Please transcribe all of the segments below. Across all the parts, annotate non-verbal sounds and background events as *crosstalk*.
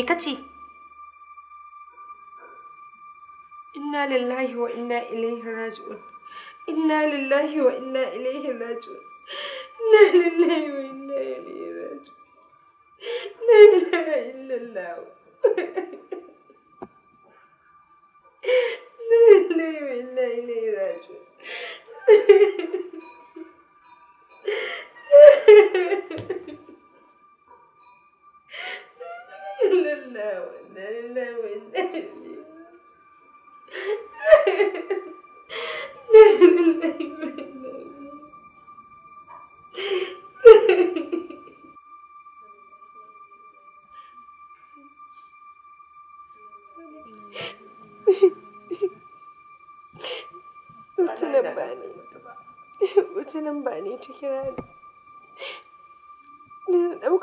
ملائكته إنا لله وإنا إليه راجعون إنا لله وإنا إليه راجعون إنا لله وإنا إليه راجعون لا إله إلا الله لا إله وإنا إليه راجعون Ha ha ha ha. Allah wanda Mutunan ba ne, mutunan ba ne ta kira ni.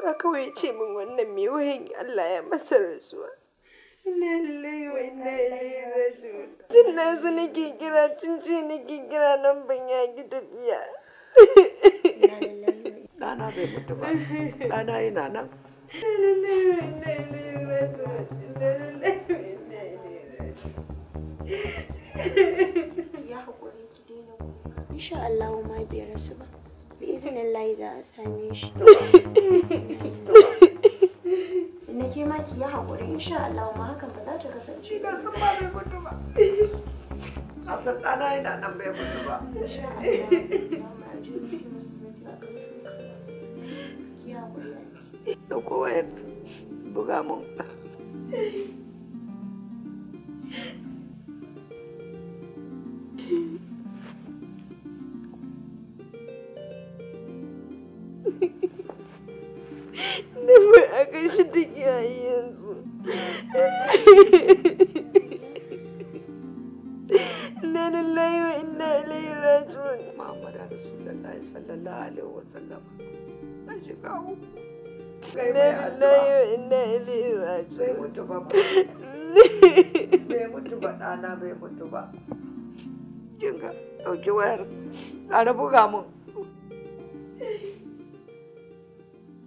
addu'a kawai ce min wannan mai Allah ya masa rasuwa ina wa ina yi tun na su na gigira, tun ce na gigira nan ban ya gi tafiya Dana bai mutu ba ɗana yana nan ina wa ya haƙuri ki daina insha Allah ma bai rasu ba layi za a same shi na ke ma ki yi haƙuri insha Allah ma hakan ba za ta kasance ba san ba bai gudu ba a tsana nan bai gudu ba insha Allah da kowa ya buga mun Nemi e a gashi take a yanzu. Inna lillahi wa inna ilaihi raji'un. Muhammad sallallahu alaihi wa sallam. Na shiga uku. Inna lillahi wa inna ilaihi raji'un. Bai mutu ba. Bai mutu ba ɗana bai mutu ba. ɗauki wayar. mun.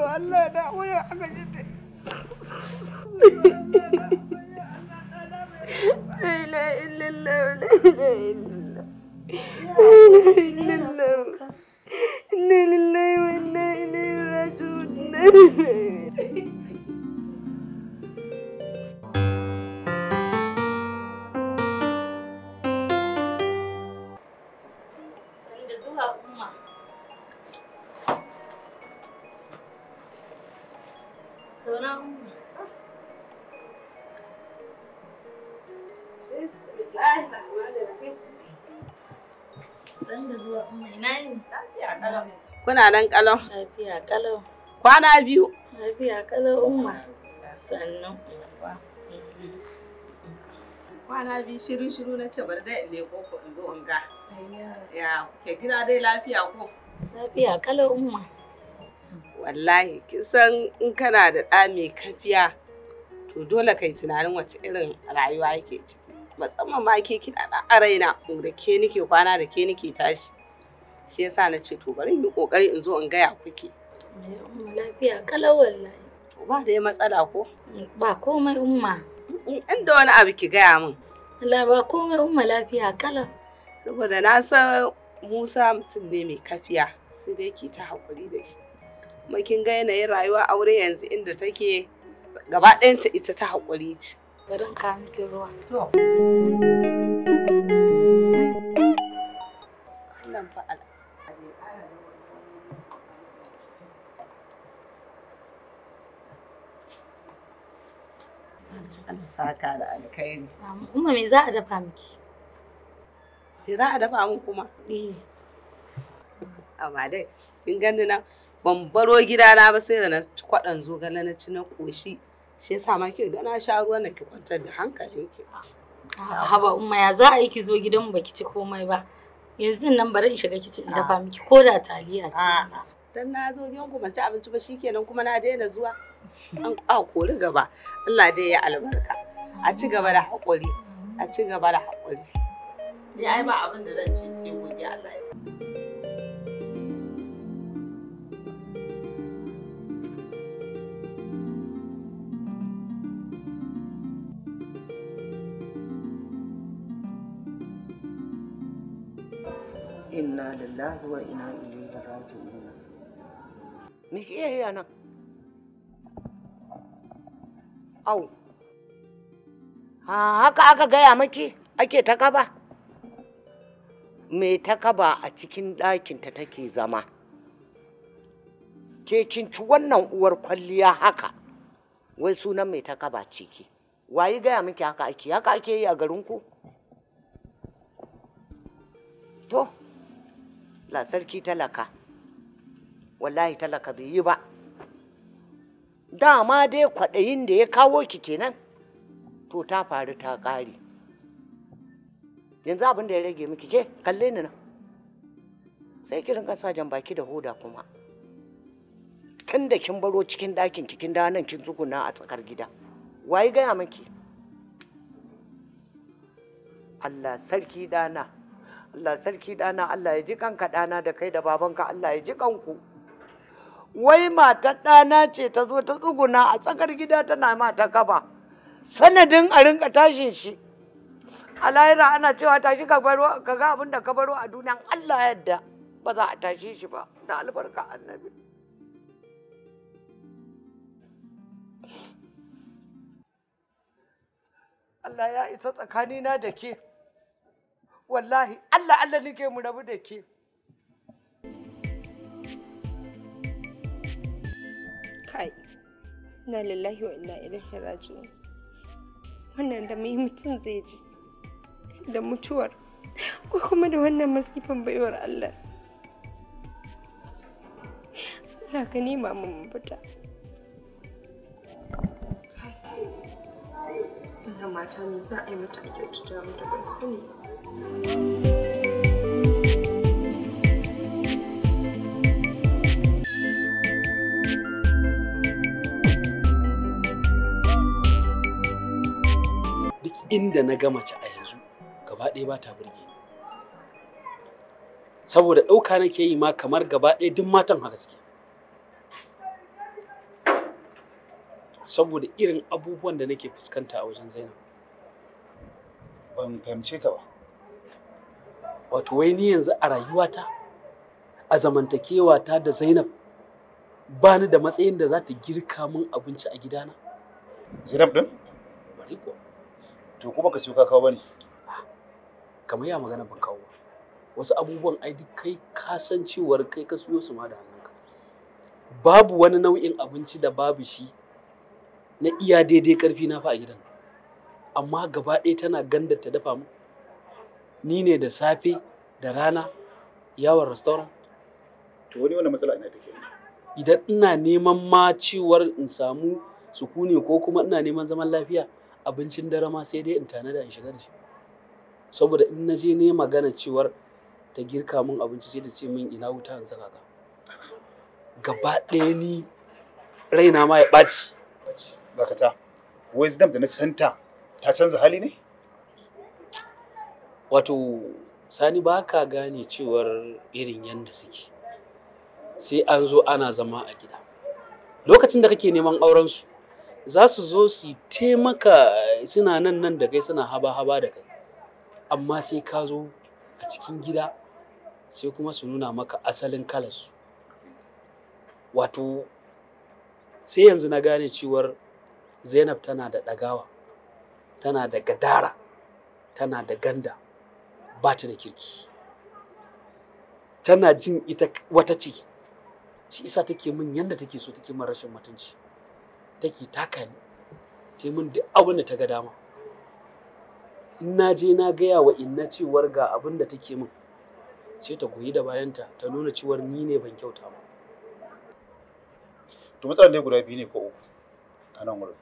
wayo Allah da wayo aka jide la illallah la illallah la illallah inna lillahi wa inna ilaihi raji'un Kuna nan kalau? Lafiya kalau. Kwana biyu? Lafiya kalau umma. Sannan. Kwana biyu shiru-shiru na ce bar dai ne koko in zo in ga. Ya kuke gida dai lafiya ko? Lafiya kalau umma. Wallahi kin san in kana da ɗa mai kafiya to dole kai tunanin wace irin rayuwa yake ciki. musamman ma ke kina na a raina da ke nike kwana da ke nike tashi shi yasa na ce to bari yi kokari in zo in gaya kuke lafiya kalau wallahi to ba da matsala ko ba komai umma inda wani abu ki gaya min Allah ba komai umma lafiya kala. saboda na san Musa mutum ne mai kafiya sai dai ki ta haƙuri da shi kuma kin ga yanayin rayuwa aure yanzu inda take gaba ɗayanta ita ta haƙuri ce bari in kawo miki ruwa saka da Umma me za a dafa miki? Me za a dafa min kuma? Eh. Amma dai gani nan ban baro gidana ba sai da na kwaɗan zogale na ci na ƙoshi shi yasa ma ki ga na sha ruwan ki kwantar da hankalinki haba umma ya za a yi ki zo gidan baki ci komai ba yanzu nan bari in shiga kicin in dafa miki ko da taliya ce dan na zo gidan ku ban ci abinci ba shikenan kuma na daina zuwa an a kori gaba Allah dai ya albarka a ci gaba da hakuri a ci gaba da hakuri dai ai ba abin da zan ci sai godiya Allah ya sa lillahi wa inna ilaihi raji'un me ke iya anan? au haka aka gaya maki ake ta kaba mai ta kaba a cikin ɗakinta take zama ke ci wannan uwar kwalliya haka wai sunan mai ta kaba ciki wayi gaya miki haka ake haka ake yi a garinku to la sarki talaka wallahi talaka bai yi ba dama dai kwaɗayin da ya kawo ki kenan to ta faru ta ƙare yanzu abin da ya rage miki ke kalle ni nan sai kirin kasa jan baki da hoda kuma tun da kin baro cikin ɗakin kin da nan kin tsuguna a tsakar gida waye gaya miki Allah sarki dana Allah sarki ɗana Allah ya ji kanka ɗana da kai da babanka Allah ya ji kanku wai matar dana ce ta zo ta tsuguna a tsakar gida tana mata kaba sanadin a rinka tashin shi a lahira ana cewa tashi ka ga abin da ka baro a duniyan Allah yadda ba za a tashi shi ba da albarka annabi Allah ya isa tsakanina da ke. wallahi Allah Allah nike mu rabu da ke kai na lillahi wa inna ilaihi raji'un wannan da mai mutum zai ji da mutuwar ko kuma da wannan masifan baiwar Allah Allah ka nema mun mafita wannan mata ne za a yi mata a kyautata mata ban sani ba Duk inda na gama ci a yanzu gaba ɗaya ba ta burge Saboda ɗauka nake yi ma kamar gaba ɗaya duk matan haka suke. Saboda irin abubuwan da nake fuskanta a wajen Zainab. Ban fahimce ka ba. wato wai ni yanzu a rayuwata a zamantakewata da zainab ba ni da matsayin da za ta girka min abinci a gidana zainab din bari ko to kuma ka siyo kawo bane ah, kamar ya magana ban kawo ba wasu abubuwan ai duk kai cewar kai ka siyo su ma da hannunka babu wani nau'in abinci da babu shi na iya daidai karfi na fa a gidan amma gaba ɗaya tana ganda ta dafa mu ni ne da safe da rana yawon restaurant to wani wani matsala ina take idan ina neman ma ciwar in samu sukuni ko kuma ina neman zaman lafiya abincin dare ma sai dai in tanada in shiga da shi saboda in na je ne magana cewar ta girka mun abinci sai ta ce min ina wuta in saka ka gaba ɗaya ni raina ma ya ɓaci dakata wisdom da na santa ta canza hali ne wato sani ba ka gane cewar irin yadda suke sai an zo ana zama a gida lokacin da kake neman aurensu za su zo su taimaka suna nan nan da kai suna haba-haba da kai amma sai ka zo a cikin gida sai kuma su nuna maka asalin kalarsu wato sai yanzu na gane cewar zainab tana da ɗagawa tana da gadara tana da ganda ba ta da kirki tana jin ita wata ce shi isa take min yadda take so take min rashin mutunci take taka ni ta min duk abin da ta ga dama in na je na gaya wa inna cewar ga abin da take min sai ta goyi da bayanta ta nuna cewar ni ne ban kyauta ba to matsalar dai guda biyu ne ko uku a nan wurin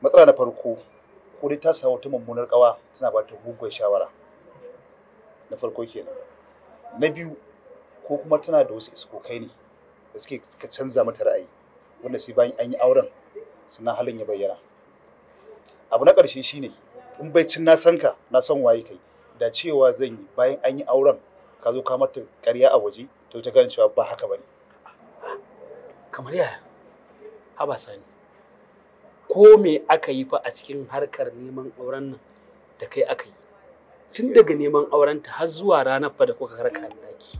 matsala na farko ko ta samu wata mummunar kawa tana ba ta hukumar shawara na farko kenan na biyu ko kuma tana da wasu iskokai ne da suke canza mata ra'ayi wanda sai bayan an yi auren suna halin ya bayyana abu na ƙarshe shine in bai cin na san ka na san waye kai da cewa zan yi bayan an yi auren ka zo ka mata ƙarya a waje to ta gane cewa ba haka bane kamar yaya haba sani ko me aka yi fa a cikin harkar neman auren nan da kai aka yi tun daga neman aurenta har zuwa ranar fa da kuka karka daki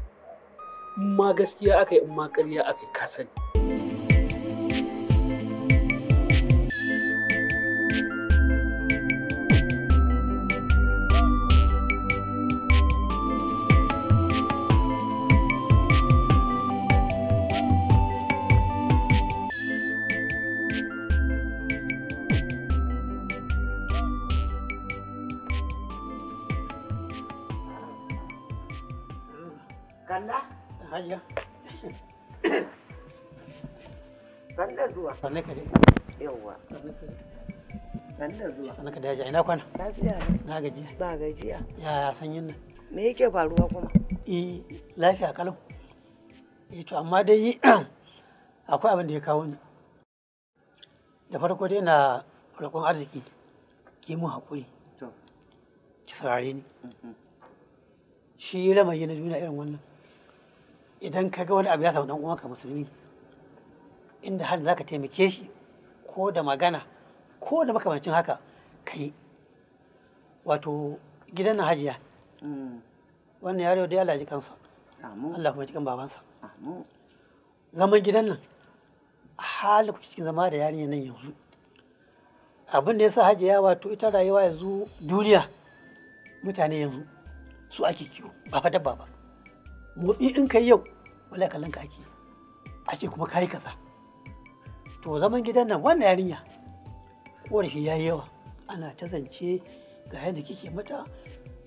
in ma gaskiya aka yi in ma ƙarya aka yi ka sani sanne dai yawwa da zuwa da yaji ina kwana lafiya na gajiya ba gajiya ya sanyin nan me yake faruwa kuma eh lafiya kalau eh to amma dai *clears throat* akwai abin da ya kawo ni da farko dai na roƙon arziki ki mu haƙuri ki saurare ni mm-hmm. shi ramayi na juna irin wannan idan ka ga wani abu ya samu dan uwanka musulmi inda har za ka taimake shi ko da magana ko da makamancin haka ka yi wato gidan na hajiya mm. wannan yaro da ya ji kansa Allah kuma cikin babansa zaman gidan nan hali ku cikin zama da yarinya nan yanzu abin da ya sa hajiya wato ita rayuwa yanzu duniya mutane yanzu su ake kiwo ba fa dabba ba motsi in kai yau wala kallon ka ake ake kuma kai kaza to zaman gidan nan wannan yarinya ƙorafi ya yi yawa ana ta zance ga yadda kike mata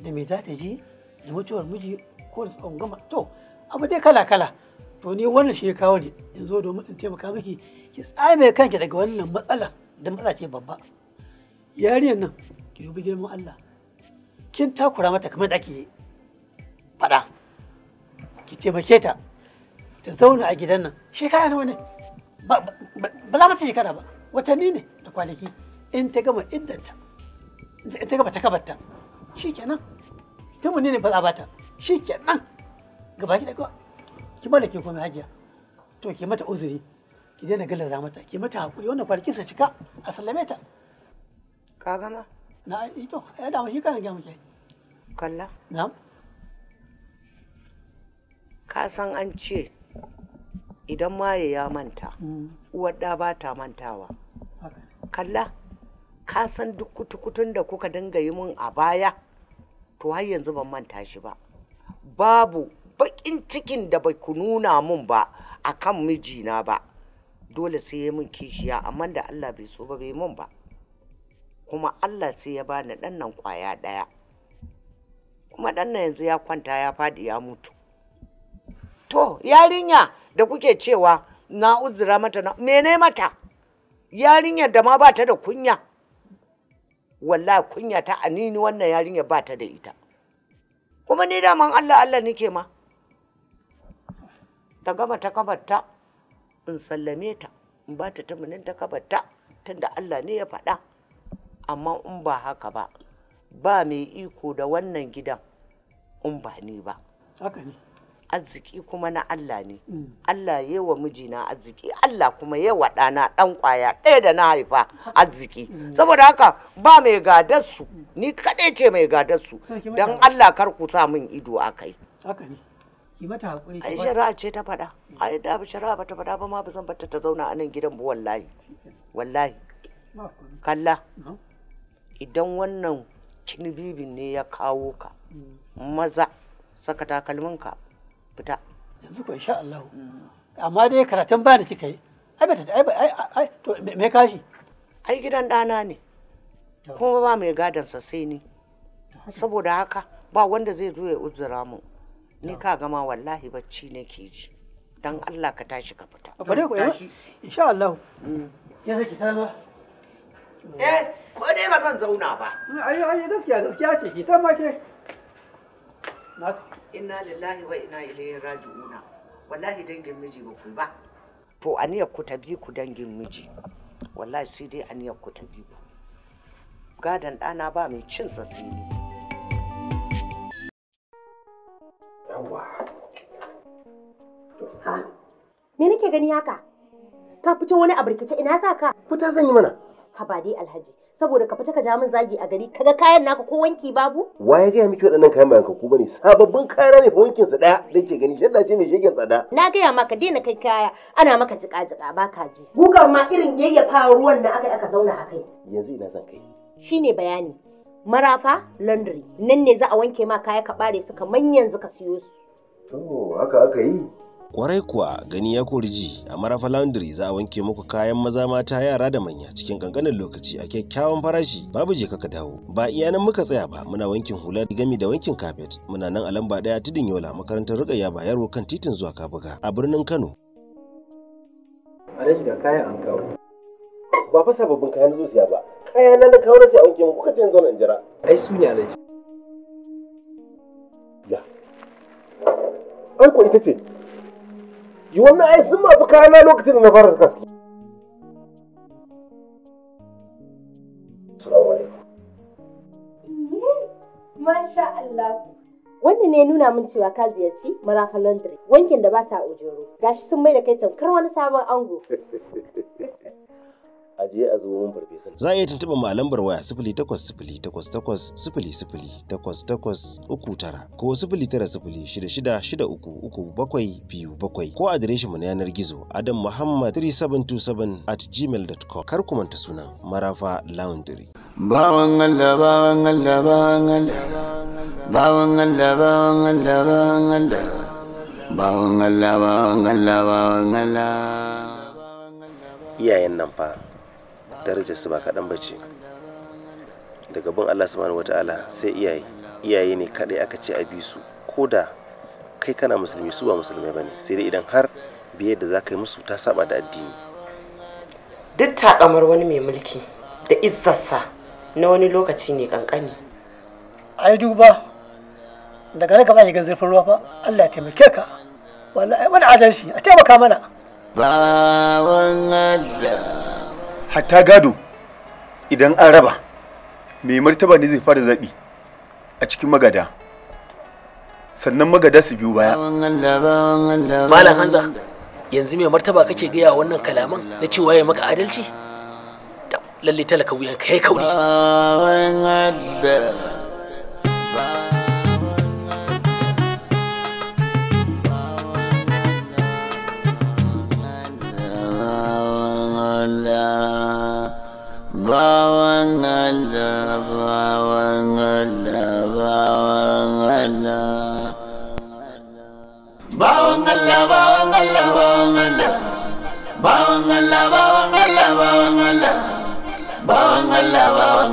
da me za ta ji da mutuwar miji ko da tsawon gama to abu dai kala kala to ni wannan shi kawo ne in zo domin in taimaka miki ki tsame kanki daga wannan matsala da matsala ce babba yarinyar nan ki dubi girman Allah kin takura mata kamar da ake faɗa ki taimake ta ta zauna a gidan nan shekara nawa ne ba ba shekara ba watanni ne da kwanaki in ta gama iddanta ta gama shi kenan ta mu ne ba bata shi kenan gaba ki daga ki bada ke komai hajiya to ki mata uzuri ki daina gallaza mata ki mata hakuri wannan kwanaki su cika a sallame ta ka gama na ito eh ya shi kana kalla ka san an ce idan maye ya manta mm. uwar da ba ta mantawa kalla ka san duk kutukutun da kuka dinga yi mun a baya to har yanzu ban manta shi ba babu baƙin cikin da bai ku nuna mun ba a kan mijina ba dole sai ya min kishiya amma da Allah bai so ba bai mun ba kuma Allah sai ya bani ɗannan kwaya ɗaya kuma ɗannan yanzu ya kwanta ya faɗi ya mutu to yarinya da kuke cewa na uzura mata na mene mata Yarinya da ma ba ta da kunya wallahi kunya ta anini wannan yarinya ba ta da ita kuma ni daman Allah Allah nake ma ta gama ta kabarta in sallame ta in bata ta tamanin ta kabarta tunda Allah ne ya faɗa amma in ba haka ba ba mai iko da wannan gidan in ba ni ba haka ne arziki kuma na Allah ne mm. Allah ya wa mijina arziki Allah kuma ya wa ɗana ɗan kwaya ɗaya da na haifa arziki mm. saboda haka ba mai gadarsu ni kaɗai ce mai gadarsu don Allah kar ku sa min ido a kai ki mata ai shari'a ce ta faɗa ai da shari'a ba ta faɗa ba ma ba zan bata ta zauna a nan gidan ba wallahi wallahi kalla idan wannan kinibibin ne ya kawo ka mm. maza saka takalminka fita yanzu ko insha Allah amma dai karatun ba da kika yi ai bata ai ai to me kashi ai gidan dana ne kuma ba mai gadon sa sai ni saboda haka ba wanda zai zo ya uzura mu ni ka gama wallahi bacci ne ke ji dan Allah ka tashi ka fita Ba bare ko insha Allah mm. ya saki ta ma eh ko dai ba zan zauna ba ai ai gaskiya gaskiya ce ki ta ma ke inna lillahi wa inna ilaihi raji'una wallahi dangin miji ba ku ba to aniyar ku ta bi ku dangin miji wallahi sai dai aniyar ku ta bi ku gadon ɗana ba mai cin tsasiri yawa me nake gani haka ka fito wani a birkice ina sa ka fita zan yi mana ha ba dai alhaji saboda ka fita ka ja min zagi a gari ga kayan naka ko wanki babu wa ya gaya miki waɗannan kayan bayan ku bane sababbin kaya ne fa wankin sa daya da ke gani shedda ce mai shegen tsada na gaya maka daina kai kaya ana maka jika jika ba ka ji gugar ma irin yayyafa ruwan da aka aka zauna akai yanzu ina zan kai shine bayani marafa laundry nan ne za a wanke ma kaya ka bare su kamar yanzu ka siyo su to haka aka yi Kwarai kuwa gani ya kurji ji a Marafa Laundry za a wanke muku kayan maza mata yara da manya cikin kankanin lokaci a kyakkyawan farashi babu je ka dawo. Ba iya nan muka tsaya ba muna wankin hula gami da wankin kafet muna nan a lamba daya tudun yola makarantar rukayya bayarwa kan titin zuwa kabuga a birnin Kano. A ga kayan an kawo. Ba fa babban kayan zo ba. Kaya na da kawo a wanke muku kace yanzu na jira. Ai su ne alaji. Ya. Ai ko ita ce Ki wannan ai sun mafi kayana lokacin da na fara gaske. Masha Allah. Wannan ne nuna min cewa ka ziyarci Marafa Laundry, wankin da ba sa ojoro. Gashi sun mai da kai tamkar wani sabon ango. *laughs* a je a zubo mun farfesa za a iya tuntuɓa malam barwaya sifili takwas sifili takwas takwas sifili sifili takwas takwas uku tara ko sifili tara sifili shida shida shida uku uku bakwai biyu bakwai ko adireshin mu na yanar gizo adam muhammad 3727 at gmail.com kar ku manta sunan marafa laundry bawan allah bawan allah bawan allah bawan Allah bawan Allah bawan Allah bawan Allah bawan Allah bawan Allah iyayen nan fa darajar su ba kaɗan bace daga bin allah subhanahu wata'ala sai iyaye iyaye ne kaɗai aka ce a bi su ko da kai kana musulmi su ba musulmai ba ne sai dai idan har biye da za ka yi musu ta saba da addini duk takamar wani mai mulki da izzarsa na wani lokaci ne kankani ai duba daga raka ba shiga zurfin ruwa fa allah ya taimake ka adalci a taimaka mana bawan allah hatta gado idan an raba mai martaba ne zai fara zaɓi a cikin magada sannan magada su biyu baya malam hanza yanzu mai martaba kake gaya wannan kalaman na cewa ya maka adalci lalle talaka wuyan ka ya kauri Allah bawan Allah bawan Allah bawan Allah bawan Allah bawan Allah bawan Allah bawan Allah bawan Allah bawan Allah bawan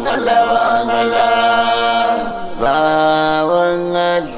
Allah bawan Allah Allah